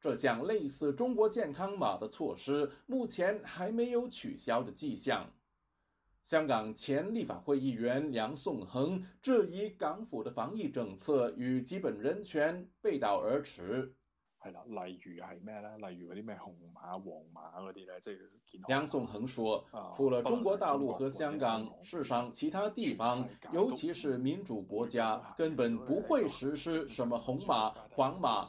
這項類似中國健康碼的措施，目前還沒有取消的跡象。香港前立法會議員梁頌恆質疑港府的防疫政策與基本人權背道而馳。係啦、嗯，例如係咩呢？例如嗰啲咩紅碼、黃碼嗰啲咧，即係。梁頌恆說，除了中國大陸和香港，世上其他地方，尤其是民主國家，根本不會實施什麼紅碼、黃碼。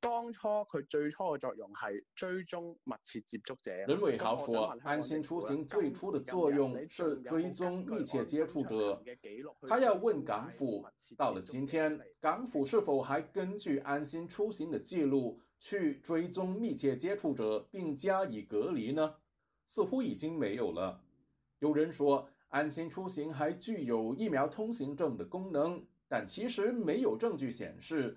當初佢最初嘅作用係追蹤密切接觸者。梁偉豪說安心出行最初的作用是追蹤密切接觸者。他要問港府：到了今天，港府是否還根據安心出行嘅記錄去追蹤密切接觸者並加以隔離呢？似乎已經沒有了。有人說安心出行還具有疫苗通行證的功能，但其實沒有證據顯示，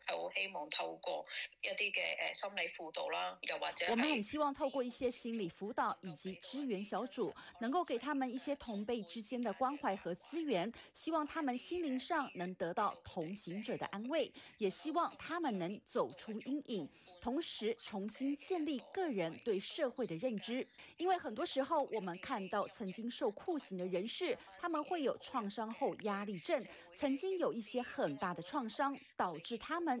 好希望透過一啲嘅誒心理輔導啦，又或者，我們很希望透過一些心理輔導以及支援小組，能夠給他們一些同輩之間的關懷和資源，希望他們心靈上能得到同行者的安慰，也希望他們能走出陰影，同時重新建立個人對社會的認知。因為很多時候，我們看到曾經受酷刑的人士，他們會有創傷後壓力症，曾經有一些很大的創傷，導致他們。